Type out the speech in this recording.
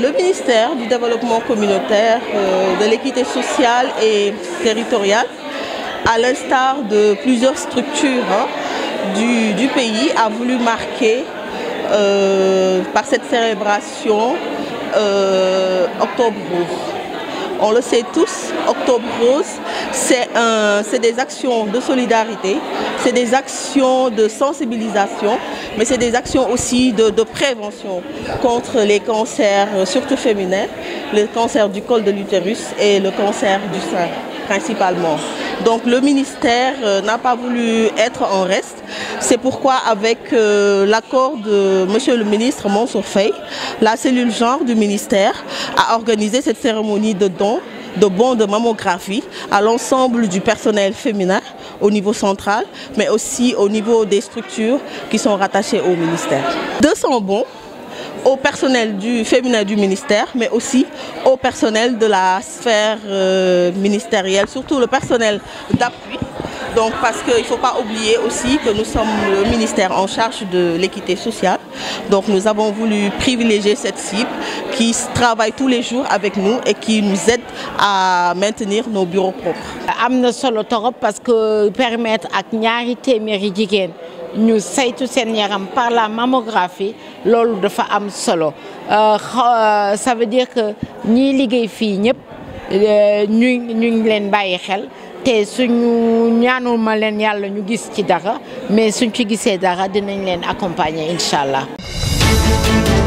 Le ministère du Développement communautaire, euh, de l'équité sociale et territoriale, à l'instar de plusieurs structures hein, du, pays, a voulu marquer euh, par cette célébration euh, Octobre on le sait tous, Octobre Rose, c'est des actions de solidarité, c'est des actions de sensibilisation, mais c'est des actions aussi de, de, prévention contre les cancers, euh, surtout féminins, le cancer du col de l'utérus et le cancer du sein principalement. Donc le ministère euh, n'a pas voulu être en reste. C'est pourquoi avec euh, l'accord de M. le ministre Monsourfei, la cellule genre du ministère a organisé cette cérémonie de dons de bons de mammographie à l'ensemble du personnel féminin au niveau central, mais aussi au niveau des structures qui sont rattachées au ministère. 200 bons au personnel du féminin du ministère, mais aussi au personnel de la sphère euh, ministérielle, surtout le personnel d'appui. Donc parce qu'il ne faut pas oublier aussi que nous sommes le ministère en charge de l'équité sociale. Donc nous avons voulu privilégier cette cible qui travaille tous les jours avec nous et qui nous aide à maintenir nos bureaux propres. Amna solo torop parce que permettre ak ñaari téeméeri jigéen ñu saytu sen yaram par la mammographie lolu dafa am solo euh, euh, ça veut dire que ñi liggéey fi ñëpp euh, ñu ñu ngi leen bàyyi xel té suñu ñaanul ma leen yalla ñu gis ci dara mais suñ ci gisee dara dinañ leen accompagner inshallah. Thank you.